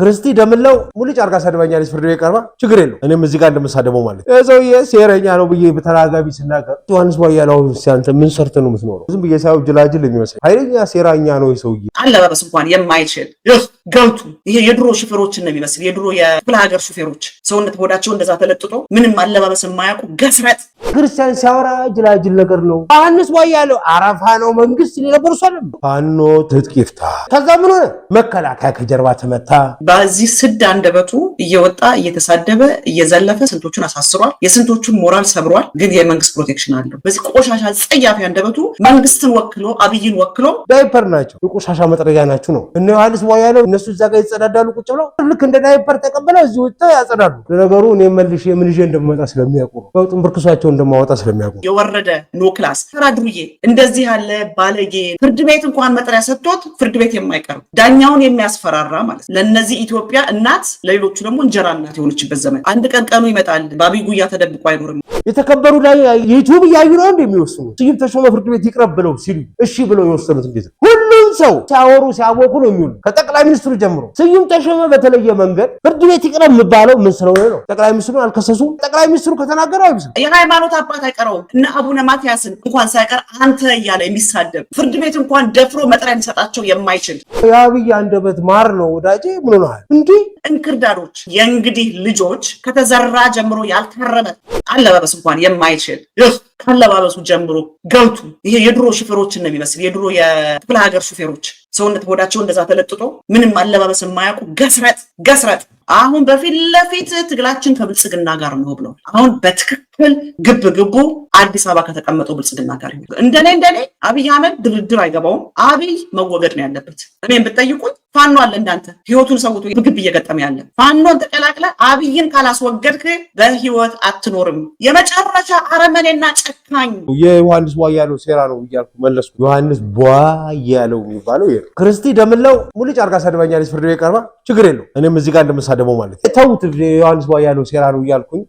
ክርስቲ ደምለው ሙልጭ አርጋ ሰድባኛለች። ፍርድ ቤት ቀርባ ችግር የለው እኔም እዚህ ጋር እንደምሳደበው ማለት ነው። ሰውዬ ሴረኛ ነው ብዬ በተራጋቢ ስናገር ዮሐንስ ባያለው ሲያንተ ምን ሰርተ ነው የምትኖረው? ዝም ብዬ ሳይ ጅላጅል የሚመስል ኃይለኛ ሴራኛ ነው ሰውዬ። አለባበስ እንኳን የማይችል ገብቱ ይሄ የድሮ ሹፌሮችን ነው የሚመስል የድሮ የክፍለ ሀገር ሹፌሮች ሰውነት ቦዳቸው እንደዛ ተለጥጦ ምንም አለባበስ የማያውቁ ገስረጥ። ክርስቲያን ሲያወራ ጅላጅል ነገር ነው። ዮሐንስ ባያለው አረፋ ነው መንግስት ሊነበሩ ሰለም ፋኖ ትጥቂፍታ ከዛ ምን ሆነ መከላከያ ከጀርባ ተመታ በዚህ ስድ አንደበቱ እየወጣ እየተሳደበ እየዘለፈ ስንቶቹን አሳስሯል፣ የስንቶቹን ሞራል ሰብሯል። ግን የመንግስት ፕሮቴክሽን አለው። በዚህ ቆሻሻ ጸያፊ አንደበቱ መንግስትን ወክሎ አብይን ወክሎ ዳይፐር ናቸው፣ የቆሻሻ መጥረጊያ ናቸው ነው እነ ዮሐንስ ቧያለው። እነሱ እዛ ጋር ይጸዳዳሉ ቁጭ ብለው ልክ እንደ ዳይፐር ተቀብለው እዚህ ውጭ ያጸዳሉ። ለነገሩ እኔ መልሼ ምን ይዤ እንደምመጣ ስለሚያውቁ በውጡን ብርክሷቸው እንደማወጣ ስለሚያውቁ የወረደ ኖ ክላስ ተራድሩዬ እንደዚህ ያለ ባለጌ ፍርድ ቤት እንኳን መጠሪያ ሰጥቶት ፍርድ ቤት የማይቀርብ ዳኛውን የሚያስፈራራ ማለት ነው ለዚህ ኢትዮጵያ እናት ለሌሎቹ ደግሞ እንጀራ እናት የሆነችበት ዘመን አንድ ቀን ቀኑ ይመጣል። በአብይ ጉያ ተደብቆ አይኖርም። የተከበሩ ላይ ዩቱብ እያዩ ነው እንደ የሚወስኑ ስዩም ተሾመ ፍርድ ቤት ይቅረብ ብለው ሲሉ እሺ ብለው የወሰኑት እንዴት ነው? ሁሉን ሰው ሲያወሩ ሲያወቁ ነው የሚውሉ ከጠቅላይ ሚኒስትሩ ጀምሮ። ስዩም ተሾመ በተለየ መንገድ ፍርድ ቤት ይቅረብ የሚባለው ምን ስለሆነ ነው? ጠቅላይ ሚኒስትሩ አልከሰሱም። ጠቅላይ ሚኒስትሩ ከተናገረ አይብስም። የሃይማኖት አባት አይቀረውም። እነ አቡነ ማትያስን እንኳን ሳይቀር አንተ እያለ የሚሳደብ ፍርድ ቤት እንኳን ደፍሮ መጥሪያ ሊሰጣቸው የማይችል የአብይ አንደበት ማር ነው ወዳጄ። ምን ሆነሃል? እንዲህ እንክርዳዶች የእንግዲህ ልጆች ከተዘራ ጀምሮ ያልተረመ አለባበስ እንኳን የማይችል ካለባበሱ ጀምሮ ገብቱ ይሄ የድሮ ሹፌሮችን ነው የሚመስል የድሮ የክፍለ ሀገር ሹፌሮች ሰውነት ወዳቸው እንደዛ ተለጥጦ ምንም አለባበስ የማያውቁ ገስረጥ ገስረጥ። አሁን በፊት ለፊት ትግላችን ከብልጽግና ጋር ነው ብለው አሁን በትክክል ያክል ግብ ግቡ አዲስ አበባ ከተቀመጠው ብልጽግና ጋር ይሆናል። እንደኔ እንደኔ አብይ አህመድ ድርድር አይገባውም። አብይ መወገድ ነው ያለበት። እኔም ብጠይቁኝ ፋኖ አለ እንዳንተ ህይወቱን ሰውቶ ግብ እየገጠመ ያለ ፋኖን ተቀላቅለ አብይን ካላስወገድክ በህይወት አትኖርም። የመጨረሻ አረመኔና ጨካኝ የዮሐንስ ቧያለው ሴራ ነው እያልኩ መለስኩ። ዮሐንስ ቧያለው የሚባለው ክርስቲ ደምለው ሙልጭ አርጋ ሰድበኛለች። ፍርድ ቤት ቀርባ ችግር የለው እኔም እዚህ ጋር እንደምሳደበው ማለት ተውት። ዮሐንስ ቧያለው ሴራ ነው እያልኩኝ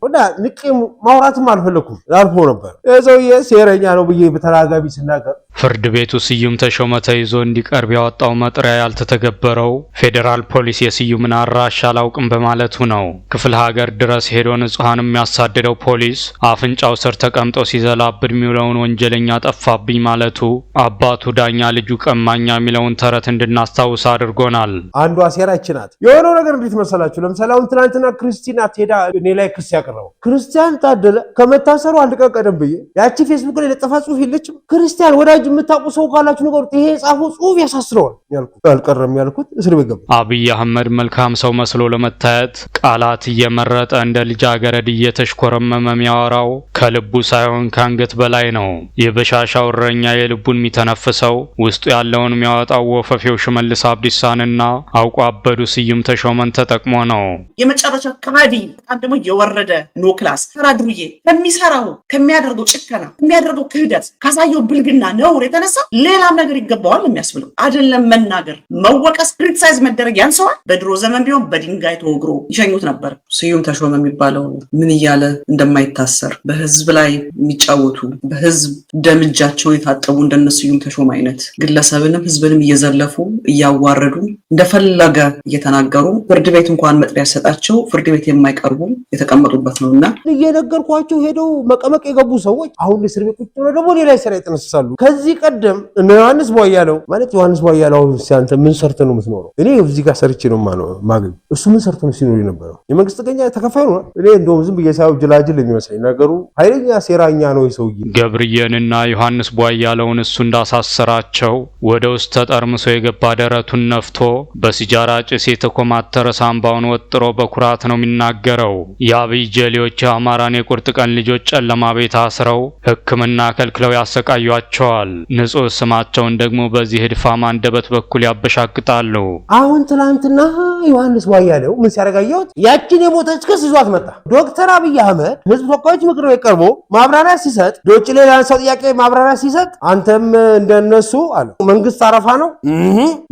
ንቄ ማውራት ማለትም አልፈለኩም ላልፎ ነበር። የሰውዬ ሴረኛ ነው ብዬ በተራጋቢ ስናገር ፍርድ ቤቱ ስዩም ተሾመ ተይዞ እንዲቀርብ ያወጣው መጥሪያ ያልተተገበረው ፌዴራል ፖሊስ የስዩምን አድራሻ አላውቅም በማለቱ ነው። ክፍለ ሀገር ድረስ ሄዶ ንጹሐን የሚያሳድደው ፖሊስ አፍንጫው ስር ተቀምጦ ሲዘላብድ የሚውለውን ወንጀለኛ ጠፋብኝ ማለቱ አባቱ ዳኛ ልጁ ቀማኛ የሚለውን ተረት እንድናስታውስ አድርጎናል። አንዷ ሴራች ናት። የሆነው ነገር እንዴት መሰላችሁ? ለምሳሌ አሁን ትናንትና ክርስቲና ቴዳ እኔ ላይ ክርስቲያን ያቀረበው ክርስቲያን ታደለ ከመታሰሩ አንድ ቀን ቀደም ብዬ ያቺ ፌስቡክ ላይ ለጠፋ ጽሁፍ የለችም። ክርስቲያን ወዳጅ የምታውቁ ሰው ካላችሁ ነገሩ ይሄ የጻፈው ጽሁፍ ያሳስረዋል ያልኩት አልቀረም ያልኩት እስር ቤት ገባ። አብይ አህመድ መልካም ሰው መስሎ ለመታየት ቃላት እየመረጠ እንደ ልጃገረድ እየተሽኮረመመ የሚያወራው ከልቡ ሳይሆን ከአንገት በላይ ነው። የበሻሻው እረኛ የልቡን የሚተነፍሰው ውስጡ ያለውን የሚያወጣው ወፈፌው ሽመልስ አብዲሳንና አውቆ አበዱ ስዩም ተሾመን ተጠቅሞ ነው። የመጨረሻ ከሃዲ በጣም ደግሞ የወረደ ኖክላስ ተራድሩዬ ከሚሰራው ከሚያደርገው ጭከና ከሚያደርገው ክህደት ካሳየው ብልግና ነውር የተነሳ ሌላም ነገር ይገባዋል የሚያስብለው አይደለም። መናገር፣ መወቀስ፣ ክሪቲሳይዝ መደረግ ያንሰዋል። በድሮ ዘመን ቢሆን በድንጋይ ተወግሮ ይሸኙት ነበር። ስዩም ተሾመ የሚባለው ምን እያለ እንደማይታሰር በህዝብ ላይ የሚጫወቱ በህዝብ ደም እጃቸውን የታጠቡ እንደነ ስዩም ተሾመ አይነት ግለሰብንም ህዝብንም እየዘለፉ እያዋረዱ እንደፈለገ እየተናገሩ ፍርድ ቤት እንኳን መጥሪያ ሰጣቸው ፍርድ ቤት የማይቀርቡ የተቀመጡበት ነው እና እየነገርኳ ራሳቸው ሄደው መቀመቅ የገቡ ሰዎች አሁን እስር ቤት ቁጭ ብለው ደግሞ ሌላ ስራ ይጠነስሳሉ። ከዚህ ቀደም እነ ዮሐንስ ቧያለው ማለት ዮሐንስ ቧያለው አሁን ሲያንተ ምን ሰርተ ነው የምትኖረው? እኔ እዚህ ጋር ሰርቼ ነው ማገኝ። እሱ ምን ሰርተ ነው ሲኖር የነበረው? የመንግስት ጥገኛ ተከፋይ ነው። እኔ እንደውም ዝም ብዬ ሳየው ጅላጅል የሚመስለኝ ነገሩ ኃይለኛ ሴራኛ ነው የሰውዬ። ገብርየንና ዮሐንስ ቧያለውን እሱ እንዳሳሰራቸው ወደ ውስጥ ተጠርምሶ የገባ ደረቱን ነፍቶ በሲጃራ ጭስ የተኮማተረ ሳምባውን ወጥሮ በኩራት ነው የሚናገረው። የአብይ ጀሌዎች የአማራን የቁርጥ ቀን ልጆች ጨለማ ቤት አስረው ሕክምና ከልክለው ያሰቃያቸዋል። ንጹህ ስማቸውን ደግሞ በዚህ እድፋም አንደበት በኩል ያበሻግጣሉ። አሁን ትላንትና ዮሐንስ ቧያለው ምን ሲያረጋየሁት ያችን የሞተች ክስ ይዟት መጣ። ዶክተር አብይ አህመድ ህዝብ ተወካዮች ምክር ቤት ቀርቦ ማብራሪያ ሲሰጥ ዶጭ ሌላ ሰው ጥያቄ ማብራሪያ ሲሰጥ አንተም እንደነሱ አለ መንግስት አረፋ ነው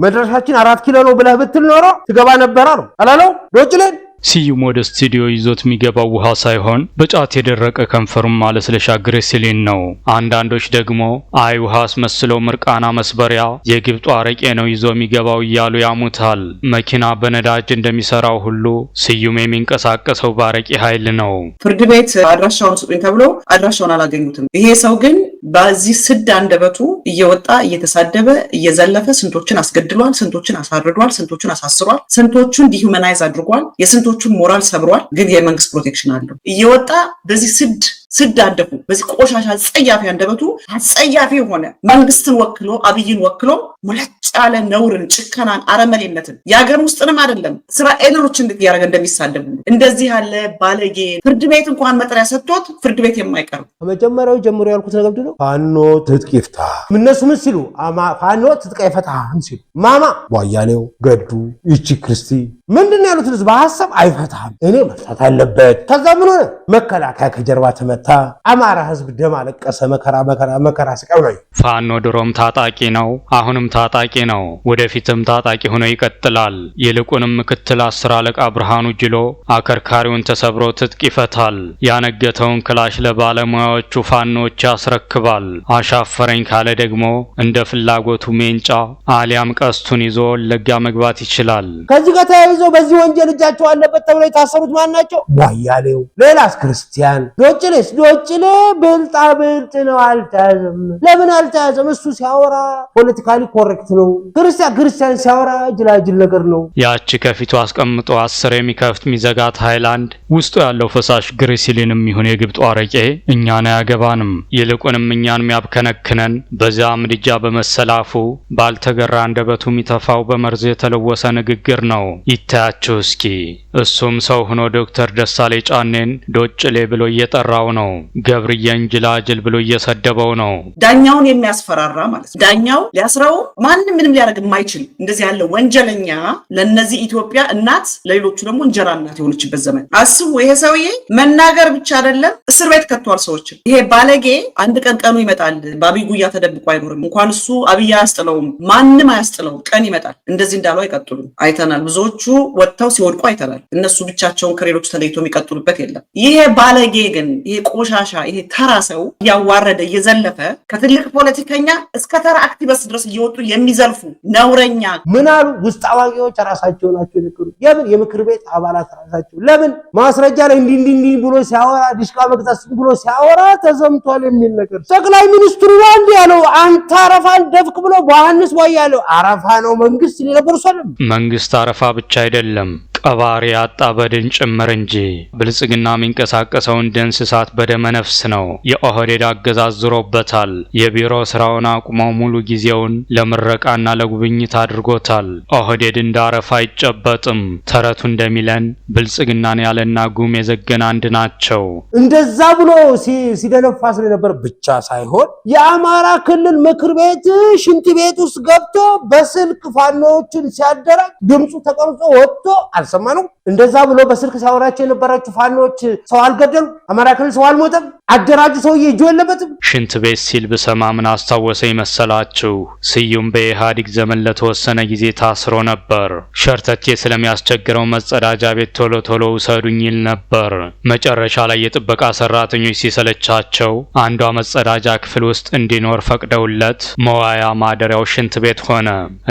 መድረሻችን አራት ኪሎ ነው ብለህ ብትል ኖሮ ትገባ ነበር አለው አላለው ዶጭ ሌላ ስዩም ወደ ስቱዲዮ ይዞት የሚገባው ውሃ ሳይሆን በጫት የደረቀ ከንፈሩን ማለስለሻ ግሪስሊን ነው። አንዳንዶች ደግሞ አይ ውሃ አስመስለው ምርቃና መስበሪያ የግብጡ አረቄ ነው ይዞ የሚገባው እያሉ ያሙታል። መኪና በነዳጅ እንደሚሰራው ሁሉ ስዩም የሚንቀሳቀሰው በአረቄ ኃይል ነው። ፍርድ ቤት አድራሻውን ስጡኝ ተብሎ አድራሻውን አላገኙትም። ይሄ ሰው ግን በዚህ ስድ አንደበቱ እየወጣ እየተሳደበ እየዘለፈ ስንቶችን አስገድሏል፣ ስንቶችን አሳርዷል፣ ስንቶችን አሳስሯል፣ ስንቶቹን ዲሁመናይዝ አድርጓል። የስንቶ የሴቶቹን ሞራል ሰብሯል፣ ግን የመንግስት ፕሮቴክሽን አለው እየወጣ በዚህ ስድ ስዳደፉ በዚህ ቆሻሻ ፀያፊ አንደበቱ አጸያፊ የሆነ መንግስትን ወክሎ አብይን ወክሎ ሙለጭ ያለ ነውርን፣ ጭከናን፣ አረመኔነትን የሀገር ውስጥንም አይደለም እስራኤሎች እንዴት እያደረገ እንደሚሳደቡ እንደዚህ ያለ ባለጌ ፍርድ ቤት እንኳን መጠሪያ ሰጥቶት ፍርድ ቤት የማይቀርብ ከመጀመሪያው ጀምሮ ያልኩት ነገር ምንድን ነው? ፋኖ ትጥቅ ይፍታ እነሱ ምን ሲሉ ፋኖ ትጥቅ አይፈታህም ሲሉ ማማ ዋያኔው ገዱ ይቺ ክርስቲ ምንድን ነው ያሉት? በሀሳብ አይፈታህም እኔ መፍታት አለበት። ከዛ ምን ሆነ መከላከያ ከጀርባ ተመ መታ፣ አማራ ህዝብ ደም አለቀሰ። መከራ መከራ መከራ ስቀው ነው። ፋኖ ድሮም ታጣቂ ነው፣ አሁንም ታጣቂ ነው፣ ወደፊትም ታጣቂ ሆኖ ይቀጥላል። ይልቁንም ምክትል አስር አለቃ ብርሃኑ ጅሎ አከርካሪውን ተሰብሮ ትጥቅ ይፈታል። ያነገተውን ክላሽ ለባለሙያዎቹ ፋኖች ያስረክባል። አሻፈረኝ ካለ ደግሞ እንደ ፍላጎቱ ሜንጫ አሊያም ቀስቱን ይዞ ወለጋ መግባት ይችላል። ከዚህ ጋር ተያይዞ በዚህ ወንጀል እጃቸው አለበት ተብለው የታሰሩት ማን ናቸው? ዋያሌው፣ ሌላስ ክርስቲያን፣ ዶጭሌስ ዶጭ ብልጣ ብልጥ ነው አልተያዘም። ለምን አልተያዘም? እሱ ሲያወራ ፖለቲካሊ ኮሬክት ነው። ክርስቲያን ክርስቲያን ሲያወራ ጅላጅል ነገር ነው። ያቺ ከፊቱ አስቀምጦ አስር የሚከፍት ሚዘጋት ሃይላንድ ውስጡ ያለው ፈሳሽ ግሪሲሊንም ይሁን የግብጡ አረቄ እኛን አያገባንም። ይልቁንም እኛን የሚያብከነክነን በዚያ ምድጃ በመሰላፉ ባልተገራ አንደበቱ የሚተፋው በመርዝ የተለወሰ ንግግር ነው። ይታያችሁ እስኪ እሱም ሰው ሆኖ ዶክተር ደሳሌ ጫኔን ዶጭሌ ብሎ እየጠራው ነው። ነው። ገብርዬ እንጅላጅል ብሎ እየሰደበው ነው። ዳኛውን የሚያስፈራራ ማለት ነው። ዳኛው ሊያስረው ማንም ምንም ሊያደርግ የማይችል እንደዚህ ያለ ወንጀለኛ ለእነዚህ ኢትዮጵያ እናት፣ ለሌሎቹ ደግሞ እንጀራ እናት የሆነችበት ዘመን አስቡ። ይሄ ሰውዬ መናገር ብቻ አይደለም እስር ቤት ከቷል ሰዎችን። ይሄ ባለጌ አንድ ቀን ቀኑ ይመጣል። በአብይ ጉያ ተደብቆ አይኖርም። እንኳን እሱ አብይ አያስጥለውም፣ ማንም አያስጥለውም። ቀን ይመጣል። እንደዚህ እንዳሉ አይቀጥሉም። አይተናል። ብዙዎቹ ወጥተው ሲወድቁ አይተናል። እነሱ ብቻቸውን ከሌሎች ተለይቶ የሚቀጥሉበት የለም። ይሄ ባለጌ ግን ይሄ ቆሻሻ ይሄ ተራ ሰው እያዋረደ እየዘለፈ ከትልቅ ፖለቲከኛ እስከ ተራ አክቲቨስ ድረስ እየወጡ የሚዘልፉ ነውረኛ ምን አሉ ውስጥ አዋቂዎች ራሳቸው ናቸው የነገሩ። የምን የምክር ቤት አባላት ራሳቸው ለምን ማስረጃ ላይ እንዲህ እንዲህ እንዲህ ብሎ ሲያወራ ዲሽቃ መግዛት ብሎ ሲያወራ ተዘምቷል የሚል ነገር ጠቅላይ ሚኒስትሩ ዋንድ ያለው አንተ አረፋን ደፍቅ ብሎ በዮሐንስ ቧ ያለው አረፋ ነው መንግስት ሊነበርሷለም መንግስት አረፋ ብቻ አይደለም ቀባሪ ያጣ በድን ጭምር እንጂ ብልጽግና የሚንቀሳቀሰውን ደንስሳት በደመ ነፍስ ነው። የኦህዴድ አገዛዝ ዙሮበታል። የቢሮ ስራውን አቁመው ሙሉ ጊዜውን ለምረቃና ለጉብኝት አድርጎታል። ኦህዴድ እንዳረፋ አይጨበጥም። ተረቱ እንደሚለን ብልጽግናን ያለና ጉም የዘገነ አንድ ናቸው። እንደዛ ብሎ ሲደነፋ ስለነበር ብቻ ሳይሆን የአማራ ክልል ምክር ቤት ሽንት ቤት ውስጥ ገብቶ በስልክ ፋኖዎችን ሲያደራጅ ድምፁ ተቀምጾ ወጥቶ አልሰማ ነው? እንደዛ ብሎ በስልክ ሳወራቸው የነበራችሁ ፋኖች ሰው አልገደሉ፣ አማራ ክልል ሰው አልሞተም፣ አደራጁ ሰውዬ እጁ የለበትም። ሽንት ቤት ሲል ብሰማ ምን አስታወሰኝ መሰላችሁ? ስዩም በኢህአዴግ ዘመን ለተወሰነ ጊዜ ታስሮ ነበር። ሸርተቴ ስለሚያስቸግረው መጸዳጃ ቤት ቶሎ ቶሎ ውሰዱኝ ይል ነበር። መጨረሻ ላይ የጥበቃ ሰራተኞች ሲሰለቻቸው አንዷ መጸዳጃ ክፍል ውስጥ እንዲኖር ፈቅደውለት መዋያ ማደሪያው ሽንት ቤት ሆነ።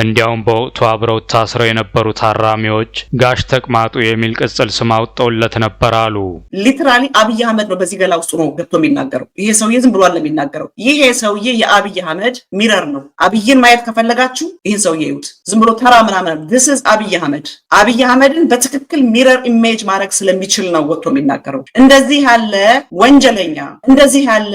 እንዲያውም በወቅቱ አብረው ታስረው የነበሩ ታራሚዎች ጋሽ ተቅማጡ የሚል ቅጽል ስም አውጥተውለት ነበር አሉ። ሊትራሊ አብይ አህመድ ነው በዚህ ገላ ውስጥ ነው መጥቶ የሚናገረው ይሄ ሰውዬ ዝም ብሏል የሚናገረው። ይሄ ሰውዬ የአብይ አህመድ ሚረር ነው። አብይን ማየት ከፈለጋችሁ ይህን ሰውዬ ይዩት። ዝም ብሎ ተራ ምናምን ስ አብይ አህመድ አብይ አህመድን በትክክል ሚረር ኢሜጅ ማድረግ ስለሚችል ነው ወጥቶ የሚናገረው። እንደዚህ ያለ ወንጀለኛ፣ እንደዚህ ያለ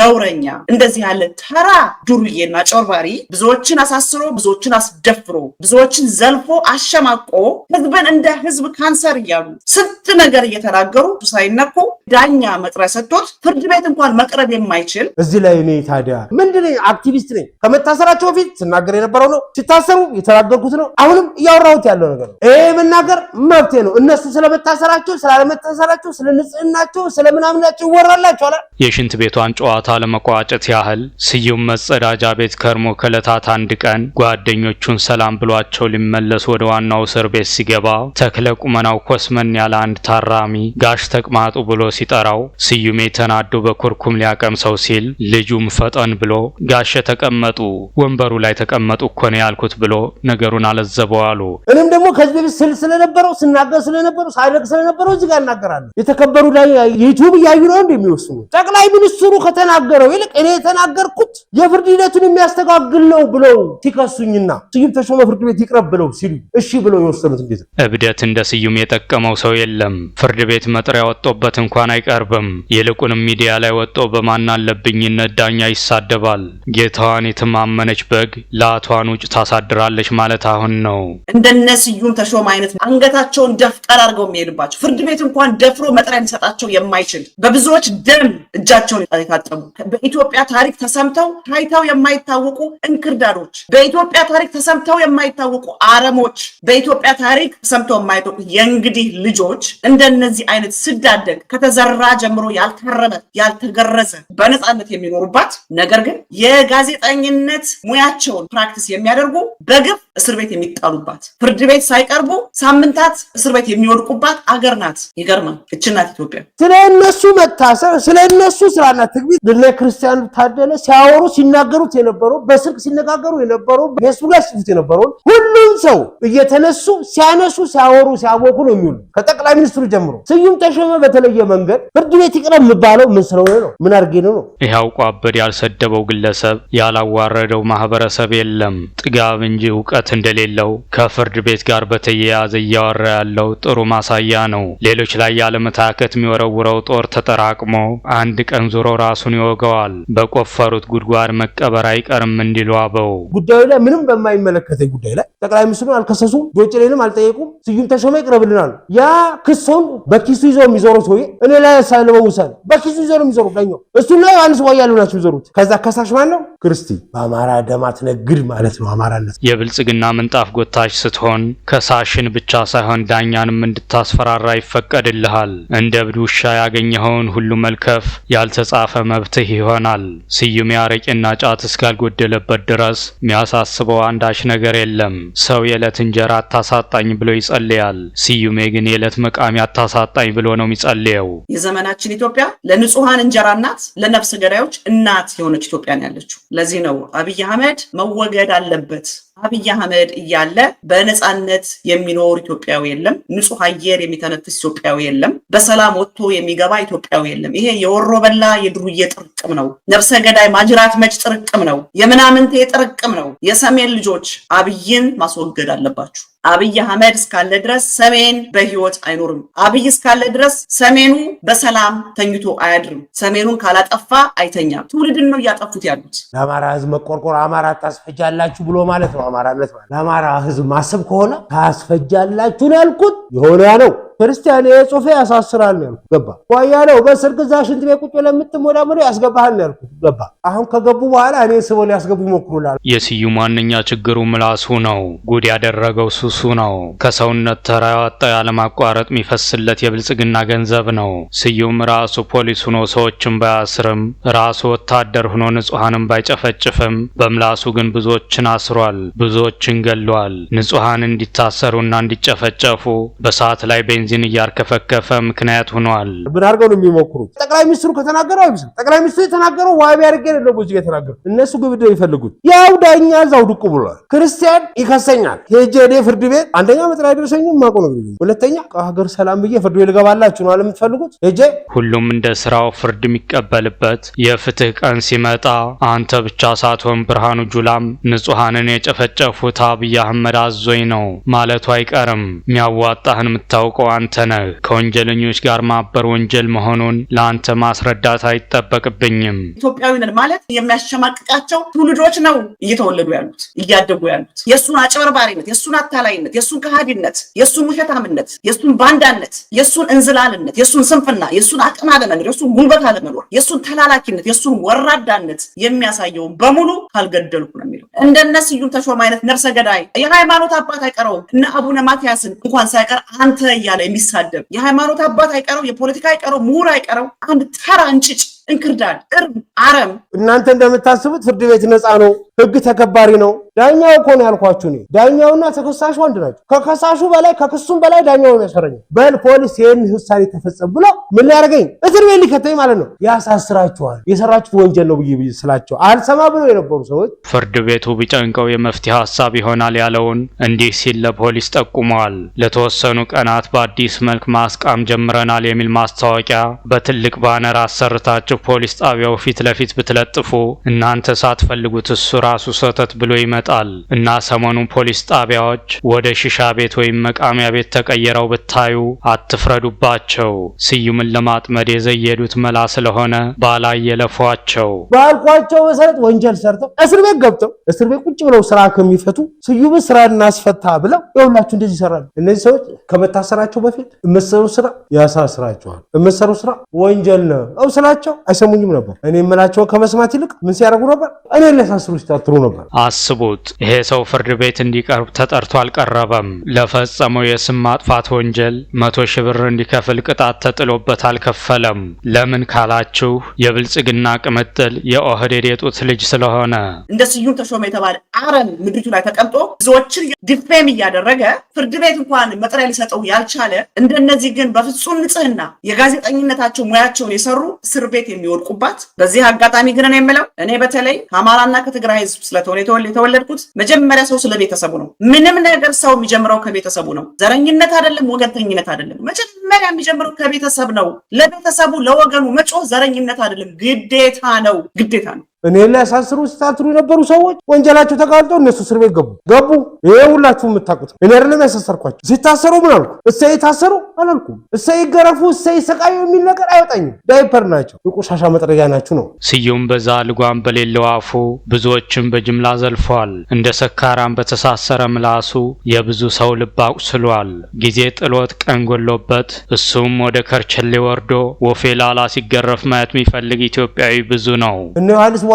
ነውረኛ፣ እንደዚህ ያለ ተራ ዱርዬና ጨርባሪ ብዙዎችን አሳስሮ ብዙዎችን አስደፍሮ ብዙዎችን ዘልፎ አሸማቆ ህዝብን እንደ ህዝብ ካንሰር እያሉ ስንት ነገር እየተናገሩ ሳይነኩ ዳኛ መጥሪያ ሰጥቶት ፍርድ ቤት እንኳን መቅረብ የማይችል እዚህ ላይ እኔ ታዲያ ምንድን አክቲቪስት ነኝ። ከመታሰራቸው በፊት ስናገር የነበረው ነው። ሲታሰሩ የተናገርኩት ነው። አሁንም እያወራሁት ያለው ነገር ነው። ይሄ መናገር መብቴ ነው። እነሱ ስለመታሰራቸው፣ ስላለመታሰራቸው፣ ስለ ንጽህናቸው፣ ስለምናምናቸው ይወራላቸዋል። የሽንት ቤቷን ጨዋታ ለመቋጨት ያህል ስዩም መጸዳጃ ቤት ከርሞ ከለታት አንድ ቀን ጓደኞቹን ሰላም ብሏቸው ሊመለስ ወደ ዋናው እስር ቤት ሲገባ ተክለ ቁመናው ኮስመን ያለ አንድ ታራሚ ጋሽ ተቅማጡ ብሎ ሲጠራው ስዩሜ ተና ተናዶ በኩርኩም ሊያቀምሰው ሲል ልጁም ፈጠን ብሎ ጋሸ ተቀመጡ፣ ወንበሩ ላይ ተቀመጡ እኮ ነው ያልኩት ብሎ ነገሩን አለዘበው አሉ። እኔም ደግሞ ከዚህ በፊት ስል ስለነበረው ስናገር ስለነበረው ሳይረግ ስለነበረው እዚህ ጋር እናገራለን። የተከበሩ ላይ ዩቱብ እያዩ ነው እንደሚወስኑ ጠቅላይ ሚኒስትሩ ከተናገረው ይልቅ እኔ የተናገርኩት የፍርድ ሂደቱን የሚያስተጋግል ነው ብለው ሲከሱኝና ስዩም ተሾመ ፍርድ ቤት ይቅረብ ብለው ሲሉ እሺ ብለው የወሰኑት እንዴት ነው? እብደት እንደ ስዩም የጠቀመው ሰው የለም። ፍርድ ቤት መጥሪያ ወጦበት እንኳን አይቀርብም። ይልቁንም ሚዲያ ላይ ወጥቶ በማናለብኝነት ዳኛ ይሳደባል። ጌታዋን የተማመነች በግ ላቷን ውጭ ታሳድራለች ማለት አሁን ነው። እንደነ ስዩም ተሾም አይነት አንገታቸውን ደፍቀር አድርገው የሚሄድባቸው ፍርድ ቤት እንኳን ደፍሮ መጥሪያ ሊሰጣቸው የማይችል በብዙዎች ደም እጃቸውን የታጠቡ በኢትዮጵያ ታሪክ ተሰምተው ታይተው የማይታወቁ እንክርዳዶች፣ በኢትዮጵያ ታሪክ ተሰምተው የማይታወቁ አረሞች፣ በኢትዮጵያ ታሪክ ተሰምተው የማይታወቁ የእንግዲህ ልጆች እንደነዚህ አይነት ስዳደግ ከተዘራ ጀምሮ ያልታረመ ያልተገረዘ በነፃነት የሚኖሩባት ነገር ግን የጋዜጠኝነት ሙያቸውን ፕራክቲስ የሚያደርጉ በግፍ እስር ቤት የሚጣሉባት ፍርድ ቤት ሳይቀርቡ ሳምንታት እስር ቤት የሚወድቁባት አገር ናት። ይገርማል። እችናት ኢትዮጵያ ስለ እነሱ መታሰር ስለ እነሱ ስራና ትግቢት ክርስቲያን ታደለ ሲያወሩ ሲናገሩት የነበረው በስልክ ሲነጋገሩ የነበረው ፌስቡክ ላይ ሲጽፉት የነበረውን ሁሉም ሰው እየተነሱ ሲያነሱ ሲያወሩ ሲያወቁ ነው የሚውሉ ከጠቅላይ ሚኒስትሩ ጀምሮ ስዩም ተሾመ በተለየ መንገድ ፍርድ ቤት ይቅረብ የሚባለው ምን ስለሆነ ነው? ምን አድርጌ ነው ነው? ይህ አውቆ አበድ ያልሰደበው ግለሰብ ያላዋረደው ማህበረሰብ የለም። ጥጋብ እንጂ እውቀት እንደሌለው ከፍርድ ቤት ጋር በተያያዘ እያወራ ያለው ጥሩ ማሳያ ነው። ሌሎች ላይ ያለመታከት የሚወረውረው ጦር ተጠራቅሞ አንድ ቀን ዞሮ ራሱን ይወገዋል። በቆፈሩት ጉድጓድ መቀበር አይቀርም እንዲሉ አበው ጉዳዩ ላይ ምንም በማይመለከተኝ ጉዳይ ላይ ጠቅላይ ሚኒስትሩን አልከሰሱም፣ ዶጭሌንም አልጠየቁም። ስዩም ተሾመ ይቅረብልናል። ያ ክሶን በኪሱ ይዞ የሚዞረው ሰውዬ እኔ ላይ ሳለመውሳል በኪሱ እሱ ይዘው ነው የሚዘሩት። ዳኛው እሱና ዮሐንስ ቧያለው ናቸው ይዘሩት። ከዛ ከሳሽ ማን ነው? ክርስቲ በአማራ ደማት ነግድ ማለት ነው። አማራነት የብልጽግና ምንጣፍ ጎታች ስትሆን ከሳሽን ብቻ ሳይሆን ዳኛንም እንድታስፈራራ ይፈቀድልሃል። እንደ እብድ ውሻ ያገኘኸውን ሁሉ መልከፍ ያልተጻፈ መብትህ ይሆናል። ስዩም አረቄና ጫት እስካልጎደለበት ድረስ የሚያሳስበው አንዳች ነገር የለም። ሰው የዕለት እንጀራ አታሳጣኝ ብሎ ይጸልያል። ስዩሜ ግን የዕለት መቃሚያ አታሳጣኝ ብሎ ነው የሚጸልየው። የዘመናችን ኢትዮጵያ የንጹሐን እንጀራ እናት፣ ለነፍስ ገዳዮች እናት የሆነች ኢትዮጵያ ያለችው። ለዚህ ነው አብይ አህመድ መወገድ አለበት። አብይ አህመድ እያለ በነፃነት የሚኖር ኢትዮጵያዊ የለም። ንጹህ አየር የሚተነፍስ ኢትዮጵያዊ የለም። በሰላም ወጥቶ የሚገባ ኢትዮጵያዊ የለም። ይሄ የወሮ በላ የድሩዬ ጥርቅም ነው። ነፍሰ ገዳይ ማጅራት መች ጥርቅም ነው። የምናምንቴ ጥርቅም ነው። የሰሜን ልጆች አብይን ማስወገድ አለባችሁ። አብይ አህመድ እስካለ ድረስ ሰሜን በህይወት አይኖርም። አብይ እስካለ ድረስ ሰሜኑ በሰላም ተኝቶ አያድርም። ሰሜኑን ካላጠፋ አይተኛም። ትውልድን ነው እያጠፉት ያሉት። ለአማራ ህዝብ መቆርቆር አማራ ታስፈጃላችሁ ብሎ ማለት ነው። አማራነት ማለት ለአማራ ህዝብ ማሰብ ከሆነ ታስፈጃላችሁን ያልኩት የሆነ ያ ነው። ክርስቲያን የጽሁፍ ያሳስራል ነው ገባ። ዋያ ነው በስርግ ሽንት ቤት ቁጭ ለምትሞዳምዶ ያስገባሃል ያልኩ ገባ። አሁን ከገቡ በኋላ እኔ ስቦ ሊያስገቡ ሞክሩላል። የስዩም ዋነኛ ችግሩ ምላሱ ነው። ጉድ ያደረገው ሱሱ ነው። ከሰውነት ተራዋጣ ያለማቋረጥ የሚፈስለት የብልጽግና ገንዘብ ነው። ስዩም ራሱ ፖሊስ ሆኖ ሰዎችን ባያስርም ራሱ ወታደር ሆኖ ንጹሐንን ባይጨፈጭፍም በምላሱ ግን ብዙዎችን አስሯል፣ ብዙዎችን ገሏል። ንጹሐን እንዲታሰሩና እንዲጨፈጨፉ በሰዓት ላይ ቤን ቤንዚን እያርከፈከፈ ምክንያት ሆኗል። ምን አድርገው ነው የሚሞክሩት? ጠቅላይ ሚኒስትሩ ከተናገረው አይመስል ጠቅላይ ሚኒስትሩ የተናገረው ዋቢ አድርጌ ነው ብዙ የተናገሩ እነሱ ግብድ ይፈልጉት ያው ዳኛ እዛው ድቁ ብሏል። ክርስቲያን ይከሰኛል። ሄጄ ፍርድ ቤት አንደኛ መጥሪያ አይደርሰኝም ማቆ ነው፣ ሁለተኛ ከሀገር ሰላም ብዬ ፍርድ ቤት ልገባላችሁ ነው አለምትፈልጉት ሄጄ ሁሉም እንደ ስራው ፍርድ የሚቀበልበት የፍትህ ቀን ሲመጣ አንተ ብቻ ሳትሆን ብርሃኑ ጁላም ንጹሐንን የጨፈጨፉት አብይ አህመድ አዞኝ ነው ማለቱ አይቀርም። የሚያዋጣህን የምታውቀው አንተ ነህ። ከወንጀለኞች ጋር ማበር ወንጀል መሆኑን ለአንተ ማስረዳት አይጠበቅብኝም። ኢትዮጵያዊ ነን ማለት የሚያሸማቅቃቸው ትውልዶች ነው እየተወለዱ ያሉት እያደጉ ያሉት የእሱን አጭበርባሪነት፣ የእሱን አታላይነት፣ የእሱን ከሃዲነት፣ የእሱን ውሸታምነት፣ የእሱን ባንዳነት፣ የእሱን እንዝላልነት፣ የእሱን ስንፍና፣ የእሱን አቅም አለመኖር፣ የእሱን ጉልበት አለመኖር፣ የእሱን ተላላኪነት፣ የእሱን ወራዳነት የሚያሳየውን በሙሉ ካልገደልኩ ነው የሚለው። እንደነ ስዩም ተሾም አይነት ነፍሰ ገዳይ የሃይማኖት አባት አይቀረውም። እነ አቡነ ማትያስን እንኳን ሳይቀር አንተ እያለ የሚሳደብ የሃይማኖት አባት አይቀረው፣ የፖለቲካ አይቀረው፣ ምሁር አይቀረው፣ አንድ ተራ እንጭጭ እንክርዳድ፣ እርም፣ አረም። እናንተ እንደምታስቡት ፍርድ ቤት ነፃ ነው፣ ህግ ተከባሪ ነው። ዳኛው እኮ ነው ያልኳችሁ። እኔ ዳኛውና ተከሳሹ አንድ ናቸው። ከከሳሹ በላይ ከክሱም በላይ ዳኛው ያሰረኝ። በል ፖሊስ ይህን ውሳኔ ተፈጸም ብሎ ምን ሊያደርገኝ እስር ቤት ሊከተኝ ማለት ነው። ያሳስራችኋል፣ የሰራችሁት ወንጀል ነው ብዬ ስላቸው አልሰማ ብሎ የነበሩ ሰዎች ፍርድ ቤቱ ቢጨንቀው የመፍትሄ ሀሳብ ይሆናል ያለውን እንዲህ ሲል ለፖሊስ ጠቁመዋል። ለተወሰኑ ቀናት በአዲስ መልክ ማስቃም ጀምረናል የሚል ማስታወቂያ በትልቅ ባነር አሰርታችሁ ፖሊስ ጣቢያው ፊት ለፊት ብትለጥፉ እናንተ ሳትፈልጉት እሱ ራሱ ሰተት ብሎ ይመጣል እና ሰሞኑን ፖሊስ ጣቢያዎች ወደ ሽሻ ቤት ወይም መቃሚያ ቤት ተቀየረው ብታዩ አትፍረዱባቸው። ስዩምን ለማጥመድ የዘየዱት መላ ስለሆነ ባላይ የለፏቸው። ባልኳቸው መሰረት ወንጀል ሰርተው እስር ቤት ገብተው እስር ቤት ቁጭ ብለው ስራ ከሚፈቱ ስዩምን ስራ እናስፈታ ብለው የሁላችሁ እንደዚህ ይሰራሉ። እነዚህ ሰዎች ከመታሰራቸው በፊት የመሰሩ ስራ ያሳስራቸዋል፣ የመሰሩ ስራ ወንጀል ነው ስላቸው አይሰሙኝም ነበር። እኔ የምላቸው ከመስማት ይልቅ ምን ሲያደርጉ ነበር? እኔ ለሳስሩ ሲታትሩ ነበር። አስቡት፣ ይሄ ሰው ፍርድ ቤት እንዲቀርብ ተጠርቶ አልቀረበም። ለፈጸመው የስም ማጥፋት ወንጀል መቶ ሺህ ብር እንዲከፍል ቅጣት ተጥሎበት አልከፈለም። ለምን ካላችሁ የብልጽግና ቅምጥል የኦህዴድ የጡት ልጅ ስለሆነ እንደ ስዩም ተሾመ የተባለ አረም ምድሪቱ ላይ ተቀምጦ ብዙዎችን ዲፌም እያደረገ ፍርድ ቤት እንኳን መጥሪያ ሊሰጠው ያልቻለ እንደነዚህ ግን በፍጹም ንጽህና የጋዜጠኝነታቸው ሙያቸውን የሰሩ እስር ቤት የሚወድቁባት። በዚህ አጋጣሚ ግን ነው የምለው እኔ በተለይ ከአማራና ከትግራይ ህዝብ ስለሆነ የተወለድኩት መጀመሪያ ሰው ስለ ቤተሰቡ ነው። ምንም ነገር ሰው የሚጀምረው ከቤተሰቡ ነው። ዘረኝነት አይደለም፣ ወገንተኝነት አይደለም። መጀመሪያ የሚጀምረው ከቤተሰብ ነው። ለቤተሰቡ ለወገኑ መጮህ ዘረኝነት አይደለም፣ ግዴታ ነው። ግዴታ ነው። እኔ ላይ ያሳስሩ ሲታትሩ የነበሩ ሰዎች ወንጀላቸው ተጋልጦ እነሱ እስር ቤት ገቡ ገቡ። ይሄ ሁላችሁ የምታውቁት እኔ አይደለም ያሳሰርኳቸው። ሲታሰሩ ምን አልኩ? እሰይ ታሰሩ አላልኩም። እሰይ ገረፉ፣ እሰይ ይሰቃዩ የሚል ነገር አይወጣኝም። ዳይፐር ናቸው፣ የቆሻሻ መጥረጊያ ናችሁ ነው። ስዩም በዛ ልጓም በሌለው አፉ ብዙዎችን በጅምላ ዘልፏል። እንደ ሰካራም በተሳሰረ ምላሱ የብዙ ሰው ልብ አቁስሏል። ጊዜ ጥሎት ቀን ጎሎበት እሱም ወደ ከርቸሌ ወርዶ ወፌ ላላ ሲገረፍ ማየት የሚፈልግ ኢትዮጵያዊ ብዙ ነው።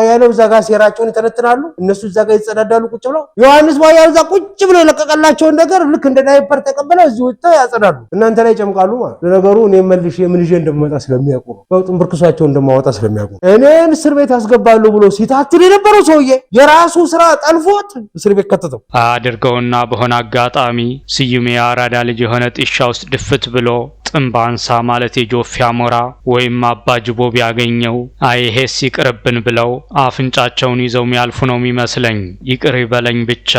ቧያለው እዛ ጋር ሴራቸውን ይተነትናሉ። እነሱ እዛ ጋር ይጸዳዳሉ ቁጭ ብለው። ዮሐንስ ቧያለው እዛ ቁጭ ብሎ የለቀቀላቸውን ነገር ልክ እንደ ዳይፐር ተቀብለው እዚህ ውጥ ያጸዳሉ፣ እናንተ ላይ ጨምቃሉ ማለት ለነገሩ እኔ መልሼ ምን ይዤ እንደምመጣ ስለሚያውቁ ነው። ብርክሷቸው እንደማወጣ ስለሚያውቁ እኔን እስር ቤት አስገባሉ ብሎ ሲታትል የነበረው ሰውዬ የራሱ ስራ ጠልፎት እስር ቤት ከተተው አድርገውና በሆነ አጋጣሚ ስዩሜ የአራዳ ልጅ የሆነ ጢሻ ውስጥ ድፍት ብሎ ጥምብ አንሳ ማለት የጆፊ አሞራ ወይም አባጅቦ ቢያገኘው አይሄስ ይቅርብን ብለው አፍንጫቸውን ይዘው የሚያልፉ ነው የሚመስለኝ። ይቅር ይበለኝ ብቻ።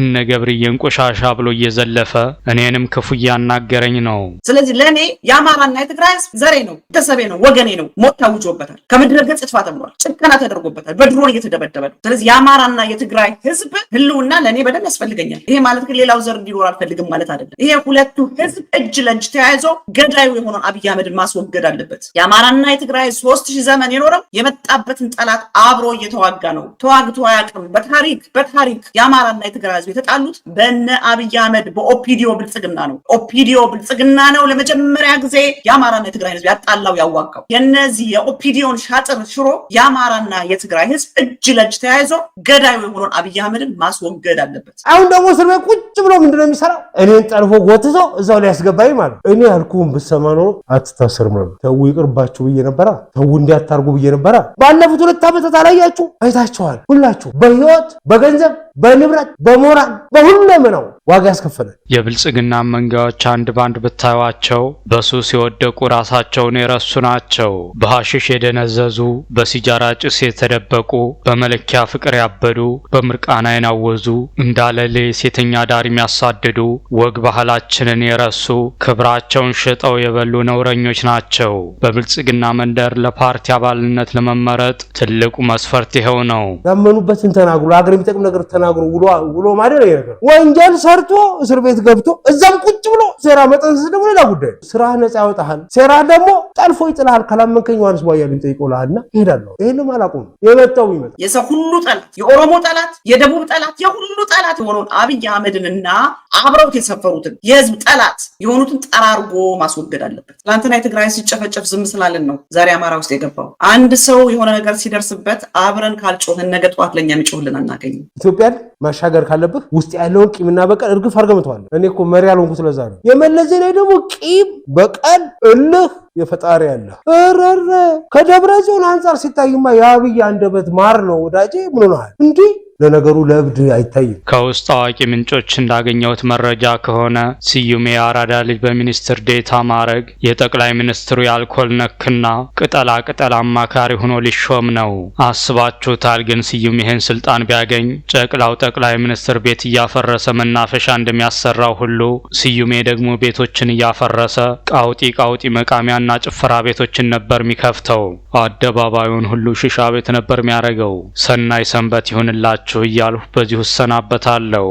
እነ ገብርዬን ቆሻሻ ብሎ እየዘለፈ እኔንም ክፉ እያናገረኝ ነው። ስለዚህ ለእኔ የአማራና የትግራይ ህዝብ ዘሬ ነው፣ ቤተሰቤ ነው፣ ወገኔ ነው። ሞት ታውጆበታል። ከምድረ ገጽ ጥፋ ተምሯል። ጭከና ተደርጎበታል። በድሮን እየተደበደበ ነው። ስለዚህ የአማራና የትግራይ ህዝብ ህልውና ለእኔ በደንብ ያስፈልገኛል። ይሄ ማለት ግን ሌላው ዘር እንዲኖር አልፈልግም ማለት አይደለም። ይሄ ሁለቱ ህዝብ እጅ ለእጅ ተያይዞ ገዳዩ የሆነውን አብይ አህመድን ማስወገድ አለበት። የአማራና የትግራይ ሶስት ሺህ ዘመን የኖረው የመጣበትን ጠላት አብሮ እየተዋጋ ነው። ተዋግቶ አያውቅም። በታሪክ በታሪክ የአማራና የትግራይ ህዝብ የተጣሉት በነ አብይ አህመድ በኦፒዲዮ ብልጽግና ነው። ኦፒዲዮ ብልጽግና ነው ለመጀመሪያ ጊዜ የአማራና የትግራይ ህዝብ ያጣላው ያዋጋው። የነዚህ የኦፒዲዮን ሻጥር ሽሮ የአማራና የትግራይ ህዝብ እጅ ለእጅ ተያይዞ ገዳዩ የሆነውን አብይ አህመድን ማስወገድ አለበት። አሁን ደግሞ እስር ቤት ቁጭ ብሎ ምንድነው የሚሰራው? እኔን ጠልፎ ጎትቶ እዛው ላይ ማለት እኔ ያልኩ ታሪኩን ብሰማ ኖሮ አትታሰርም ነበር። ተው ይቅርባችሁ ብዬ ነበራ። ተው እንዲያታርጉ ብዬ ነበራ። ባለፉት ሁለት ዓመታት አላያችሁ አይታችኋል። ሁላችሁ በህይወት በገንዘብ በንብረት በሞራል በሁሉም ነው ዋጋ ያስከፈለ። የብልጽግና መንጋዎች አንድ ባንድ ብታዩቸው በሱስ የወደቁ ራሳቸውን የረሱ ናቸው። በሐሽሽ የደነዘዙ፣ በሲጃራ ጭስ የተደበቁ፣ በመለኪያ ፍቅር ያበዱ፣ በምርቃና የናወዙ፣ እንዳለሌ ሴተኛ ዳር የሚያሳድዱ፣ ወግ ባህላችንን የረሱ፣ ክብራቸውን ገልብጠው የበሉ ነውረኞች ናቸው። በብልጽግና መንደር ለፓርቲ አባልነት ለመመረጥ ትልቁ መስፈርት ይኸው ነው። ያመኑበትን ተናግሮ አገር የሚጠቅም ነገር ተናግሮ ውሎ ማደር ነገር ወንጀል ሰርቶ እስር ቤት ገብቶ እዛም ቁጭ ብሎ ሴራ መጠንሰስ ደግሞ ሌላ ጉዳይ። ስራ ነጻ ያወጣሃል፣ ሴራ ደግሞ ጠልፎ ይጥልሃል። ካላመንከኝ ዮሐንስ ቧያሌው ሊጠይቀው ላልና ይሄዳለሁ። ይህንም አላቁም የመጣው ይመጣ የሰው ሁሉ ጠላት፣ የኦሮሞ ጠላት፣ የደቡብ ጠላት፣ የሁሉ ጠላት የሆነውን አብይ አህመድን እና አብረውት የሰፈሩትን የህዝብ ጠላት የሆኑትን ጠራርጎ ማስወገድ አለበት። ትናንትና የትግራይ ሲጨፈጨፍ ዝም ስላለን ነው ዛሬ አማራ ውስጥ የገባው። አንድ ሰው የሆነ ነገር ሲደርስበት አብረን ካልጮህን ነገ ጠዋት ለእኛ የሚጮህልን አናገኝም። ኢትዮጵያን ማሻገር ካለብህ ውስጥ ያለውን ቂምና በቀል እርግፍ አርገምተዋል። እኔ እኮ መሪ ያልሆንኩት ስለዛ ነው። የመለስ ዜናዊ ደግሞ ቂም፣ በቀል፣ እልህ የፈጣሪ ያለ ረረ ከደብረ ጽዮን አንጻር ሲታይማ የአብይ አንደበት ማር ነው ወዳጄ። ምን እንዲህ ለነገሩ ለእብድ አይታይም። ከውስጥ አዋቂ ምንጮች እንዳገኘሁት መረጃ ከሆነ ስዩም የአራዳ ልጅ በሚኒስትር ዴታ ማዕረግ የጠቅላይ ሚኒስትሩ የአልኮል ነክና ቅጠላ ቅጠል አማካሪ ሆኖ ሊሾም ነው። አስባችሁታል? ግን ስዩም ይህን ስልጣን ቢያገኝ ጨቅላው ጠቅላይ ሚኒስትር ቤት እያፈረሰ መናፈሻ እንደሚያሰራው ሁሉ ስዩሜ ደግሞ ቤቶችን እያፈረሰ ቃውጢ ቃውጢ መቃሚያና ጭፈራ ቤቶችን ነበር የሚከፍተው። አደባባዩን ሁሉ ሽሻ ቤት ነበር የሚያደርገው። ሰናይ ሰንበት ይሁንላችሁ። ይሁንላችሁ እያልሁ በዚሁ እሰናበታለሁ።